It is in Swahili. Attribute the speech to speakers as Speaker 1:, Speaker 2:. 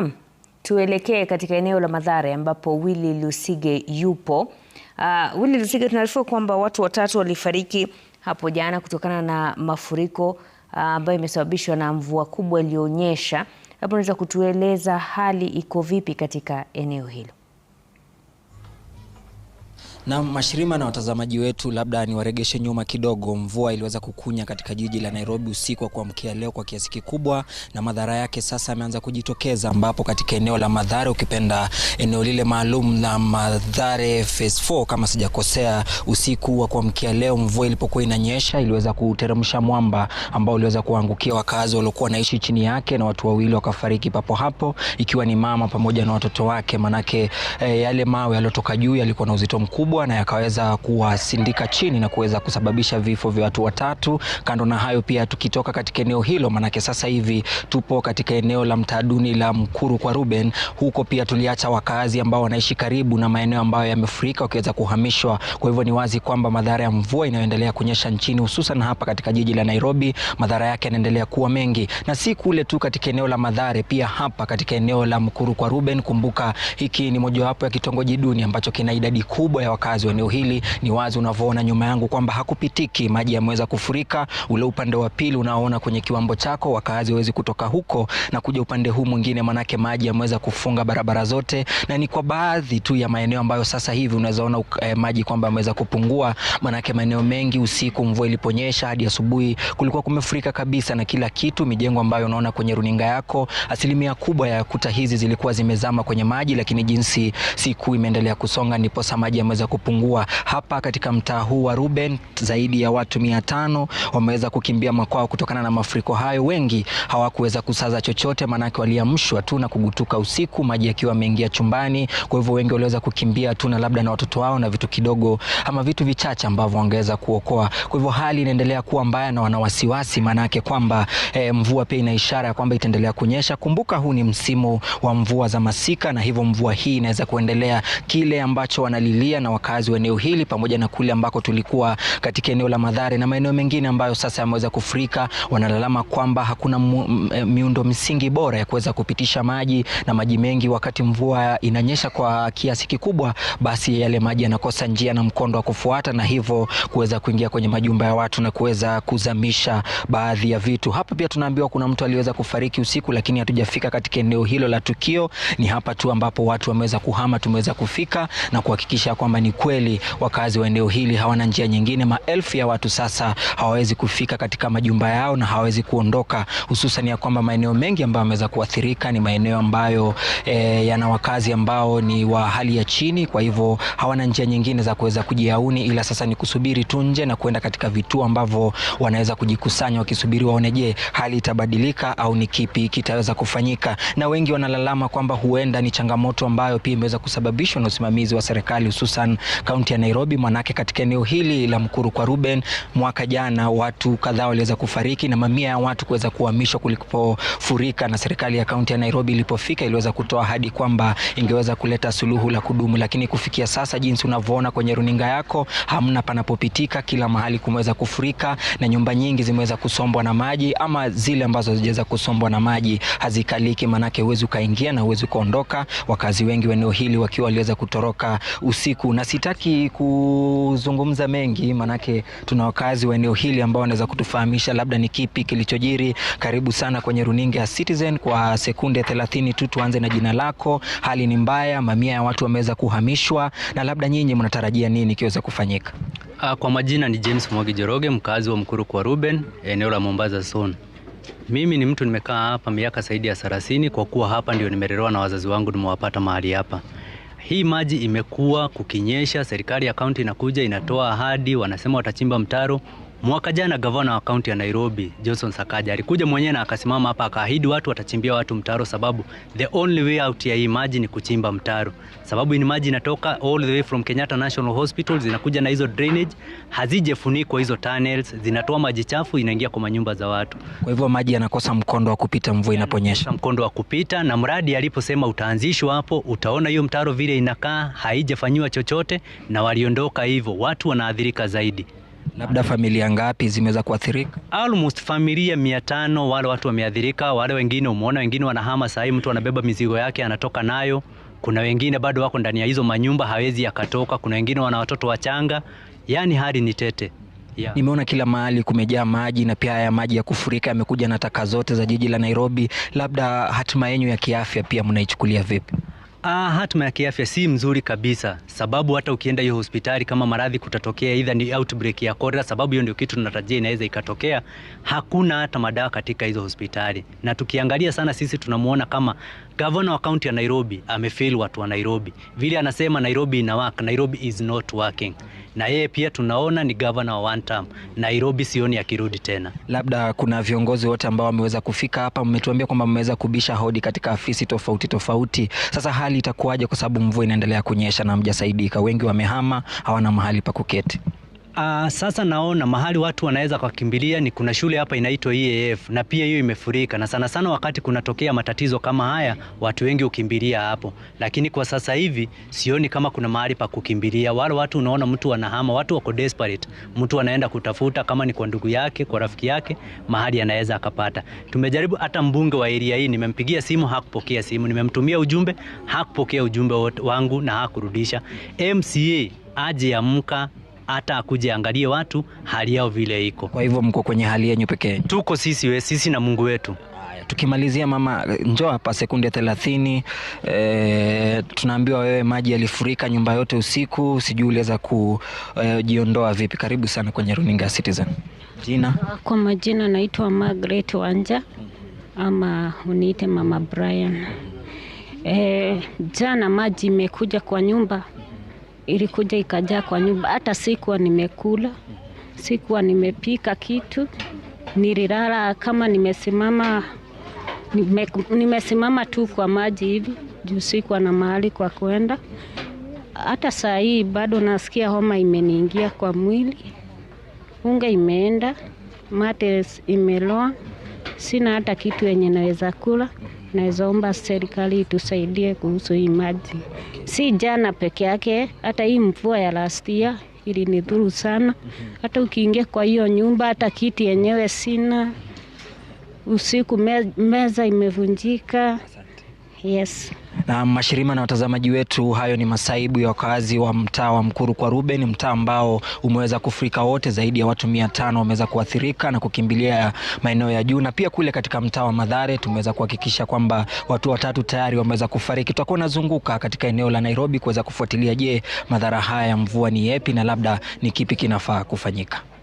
Speaker 1: Naam, tuelekee katika eneo la Mathare ambapo Willy Lusige yupo. Uh, Willy Lusige, tunaarifiwa kwamba watu watatu walifariki hapo jana kutokana na mafuriko ah, ambayo uh, imesababishwa na mvua kubwa iliyonyesha. Hapo unaweza kutueleza hali iko vipi katika eneo hilo?
Speaker 2: Na Mashirima na watazamaji wetu, labda niwaregeshe nyuma kidogo. Mvua iliweza kukunya katika jiji la Nairobi usiku wa kuamkia leo kwa kiasi kikubwa, na madhara yake sasa yameanza kujitokeza, ambapo katika eneo la Madhare, ukipenda eneo lile maalum la Madhare Phase 4 kama sijakosea, usiku wa kuamkia leo mvua ilipokuwa inanyesha iliweza kuteremsha mwamba ambao uliweza kuangukia wakazi waliokuwa wanaishi chini yake, na watu wawili wakafariki papo hapo, ikiwa ni mama pamoja na watoto wake, manake eh, yale mawe yaliyotoka juu yalikuwa na uzito mkubwa makubwa na yakaweza kuwasindika chini na kuweza kusababisha vifo vya watu watatu. Kando na hayo, pia tukitoka katika eneo hilo, maanake sasa hivi tupo katika eneo la mtaa duni la Mkuru kwa Ruben, huko pia tuliacha wakazi ambao wanaishi karibu na maeneo ambayo yamefurika wakiweza kuhamishwa. Kwa hivyo ni wazi kwamba madhara ya mvua inayoendelea kunyesha nchini, hususan hapa katika jiji la Nairobi, madhara yake yanaendelea kuwa mengi, na si kule tu katika eneo la Madhare, pia hapa katika eneo la Mkuru kwa Ruben. Kumbuka hiki ni mojawapo ya kitongoji duni ambacho kina idadi kubwa ya wakazi wakazi wa eneo hili. Ni wazi unavyoona nyuma yangu kwamba hakupitiki, maji yameweza kufurika. Ule upande wa pili unaoona kwenye kiwambo chako, wakazi hawezi kutoka huko na kuja upande huu mwingine, manake maji yameweza kufunga barabara zote, na ni kwa baadhi tu ya maeneo ambayo sasa hivi unaweza ona eh, maji kwamba yameweza kupungua, manake maeneo mengi usiku mvua iliponyesha hadi asubuhi kulikuwa kumefurika kabisa na kila kitu. Mijengo ambayo unaona kwenye runinga yako, asilimia kubwa ya kuta hizi zilikuwa zimezama kwenye maji, lakini jinsi siku imeendelea kusonga, ndiposa maji yameweza kupungua. Hapa katika mtaa huu wa Ruben zaidi ya watu mia tano wameweza kukimbia makwao kutokana na mafuriko hayo. Wengi hawakuweza kusaza chochote, maanake waliamshwa tu na kugutuka usiku, maji yakiwa yameingia chumbani. Kwa hivyo wengi waliweza kukimbia tu na labda na watoto wao na vitu kidogo ama vitu vichache ambavyo wangeweza kuokoa. Kwa hivyo hali inaendelea kuwa mbaya na wana wasiwasi, maanake kwamba eh, mvua pia ina ishara ya kwamba itaendelea kunyesha. Kumbuka huu ni msimu wa mvua za masika, na hivyo mvua hii inaweza kuendelea. Kile ambacho wanalilia na wakazi wa eneo hili pamoja na kule ambako tulikuwa katika eneo la Madhare na maeneo mengine ambayo sasa yameweza kufurika. Wanalalama kwamba hakuna eh, miundo msingi bora ya kuweza kupitisha maji na maji mengi, wakati mvua inanyesha kwa kiasi kikubwa, basi yale maji yanakosa njia na mkondo wa kufuata, na hivyo kuweza kuingia kwenye majumba ya watu na kuweza kuzamisha baadhi ya vitu. Hapa pia tunaambiwa kuna mtu aliweza kufariki usiku, lakini hatujafika katika eneo hilo la tukio. Ni hapa tu ambapo watu wameweza kuhama, tumeweza kufika na kuhakikisha kwamba ni kweli wakazi wa eneo hili hawana njia nyingine. Maelfu ya watu sasa hawawezi kufika katika majumba yao na hawawezi kuondoka, hususan ya kwamba maeneo mengi ambayo yameweza kuathirika ni maeneo ambayo e, yana wakazi ambao ni wa hali ya chini, kwa hivyo hawana njia nyingine za kuweza kujiauni, ila sasa ni kusubiri tu nje na kuenda katika vituo ambavyo wanaweza kujikusanya wakisubiri waone, je, hali itabadilika au ni kipi kitaweza kufanyika. Na wengi wanalalama kwamba huenda ni changamoto ambayo pia imeweza kusababishwa na usimamizi wa serikali hususan kaunti ya Nairobi. Manake katika eneo hili la Mkuru kwa Ruben, mwaka jana watu kadhaa waliweza kufariki na mamia ya watu kuweza kuhamishwa kulipofurika, na serikali ya kaunti ya Nairobi ilipofika iliweza kutoa ahadi kwamba ingeweza kuleta suluhu la kudumu, lakini kufikia sasa, jinsi unavyoona kwenye runinga yako, hamna panapopitika. Kila mahali kumeweza kufurika na nyumba nyingi zimeweza kusombwa na maji, ama zile ambazo hazijaweza kusombwa na maji hazikaliki, manake huwezi ukaingia na huwezi ukaondoka. Wakazi wengi wa eneo hili wakiwa waliweza kutoroka usiku na sitaki kuzungumza mengi, manake tuna wakazi wa eneo hili ambao wanaweza kutufahamisha labda ni kipi kilichojiri. Karibu sana kwenye runinga ya Citizen kwa sekunde 30 tu. Tuanze na jina lako. Hali ni mbaya, mamia ya watu wameweza kuhamishwa, na labda nyinyi mnatarajia nini kiweze kufanyika?
Speaker 3: Ah, kwa majina ni James Mwagi Joroge, mkazi wa Mkuru kwa Ruben, eneo la Mombasa Zone. Mimi ni mtu nimekaa hapa miaka zaidi ya 30 kwa kuwa hapa ndio nimelelewa na wazazi wangu, nimewapata mahali hapa hii maji imekuwa kukinyesha, serikali ya kaunti inakuja inatoa ahadi, wanasema watachimba mtaro Mwaka jana gavana wa kaunti ya Nairobi Johnson Sakaja alikuja mwenyewe na akasimama hapa akaahidi watu watachimbia watu mtaro, sababu the only way out ya hii maji ni kuchimba mtaro, sababu ni maji inatoka all the way from Kenyatta National Hospital zinakuja na hizo drainage, hazijefunikwa hizo tunnels, zinatoa maji chafu inaingia kwa manyumba za watu.
Speaker 2: Kwa hivyo maji yanakosa mkondo wa kupita mvua inaponyesha,
Speaker 3: mkondo wa kupita. Na mradi aliposema utaanzishwa hapo, utaona hiyo mtaro vile inakaa haijafanyiwa chochote, na waliondoka hivyo, watu wanaadhirika zaidi.
Speaker 2: Labda familia ngapi zimeweza kuathirika?
Speaker 3: Almost familia mia tano wale watu wameathirika. Wale wengine umeona, wengine wanahama sahii, mtu anabeba mizigo yake anatoka nayo. Kuna wengine bado wako ndani ya hizo manyumba, hawezi akatoka. Kuna wengine wana watoto wachanga, yaani hali ni tete.
Speaker 2: Yeah. Nimeona kila mahali kumejaa maji na pia haya maji ya kufurika yamekuja na taka zote za jiji la Nairobi. Labda hatima yenu ya kiafya pia mnaichukulia vipi?
Speaker 3: Ah, hatma ya kiafya si mzuri kabisa, sababu hata ukienda hiyo hospitali kama maradhi kutatokea, idha ni outbreak ya cholera, sababu hiyo ndio kitu tunatarajia inaweza ikatokea, hakuna hata madawa katika hizo hospitali. Na tukiangalia sana, sisi tunamuona kama Gavana wa kaunti ya Nairobi amefail watu wa Nairobi, vile anasema Nairobi ina work, Nairobi is not working. Na yeye pia tunaona ni gavana wa one term. Nairobi sioni akirudi tena.
Speaker 2: Labda kuna viongozi wote ambao wameweza kufika hapa, mmetuambia kwamba mmeweza kubisha hodi katika afisi tofauti tofauti. Sasa hali itakuwaje, kwa sababu mvua inaendelea kunyesha na mjasaidika Wengi wamehama, hawana mahali pa kuketi.
Speaker 3: Uh, sasa naona mahali watu wanaweza kukimbilia ni kuna shule hapa inaitwa EAF na pia hiyo imefurika, na sana sana wakati kunatokea matatizo kama haya watu wengi hukimbilia hapo, lakini kwa sasa hivi sioni kama kuna mahali pa kukimbilia. Wale watu unaona mtu anahama, watu wako desperate, mtu anaenda kutafuta kama ni kwa ndugu yake, kwa rafiki yake, mahali anaweza akapata. Tumejaribu hata mbunge wa area hii, nimempigia simu hakupokea simu, nimemtumia ujumbe hakupokea ujumbe wangu na hakurudisha. MCA aje amka hata akuje angalie watu hali yao vile iko.
Speaker 2: Kwa hivyo mko kwenye hali yenu peke
Speaker 3: tuko sisi we, sisi na Mungu wetu.
Speaker 2: Tukimalizia mama, njoo hapa sekunde thelathini. E, tunaambiwa wewe maji yalifurika nyumba yote usiku, sijui uliweza kujiondoa e, vipi? Karibu sana kwenye runinga ya Citizen. Jina
Speaker 4: kwa majina, naitwa Margaret Wanja ama uniite mama Brian. E, jana maji imekuja kwa nyumba ilikuja ikajaa kwa nyumba, hata sikuwa nimekula, sikuwa nimepika kitu, nililala kama nimesimama nime, nimesimama tu kwa maji hivi juu sikuwa na mahali kwa kwenda. Hata saa hii bado nasikia homa imeniingia kwa mwili, unga imeenda, mate imeloa, sina hata kitu yenye naweza kula tunaweza omba serikali itusaidie kuhusu hii maji, si jana peke yake, hata hii mvua ya lastia ili ni dhuru sana. Hata ukiingia kwa hiyo nyumba, hata kiti yenyewe sina. Usiku meza imevunjika. Yes.
Speaker 2: Na mashirima na watazamaji wetu, hayo ni masaibu ya wakazi wa mtaa wa Mkuru kwa Ruben, mtaa ambao umeweza kufurika wote. Zaidi ya watu mia tano wameweza kuathirika na kukimbilia maeneo ya juu, na pia kule katika mtaa wa Madhare tumeweza kuhakikisha kwamba watu watatu tayari wameweza kufariki. Tutakuwa nazunguka katika eneo la Nairobi kuweza kufuatilia, je, madhara haya ya mvua ni yepi na labda ni kipi kinafaa kufanyika.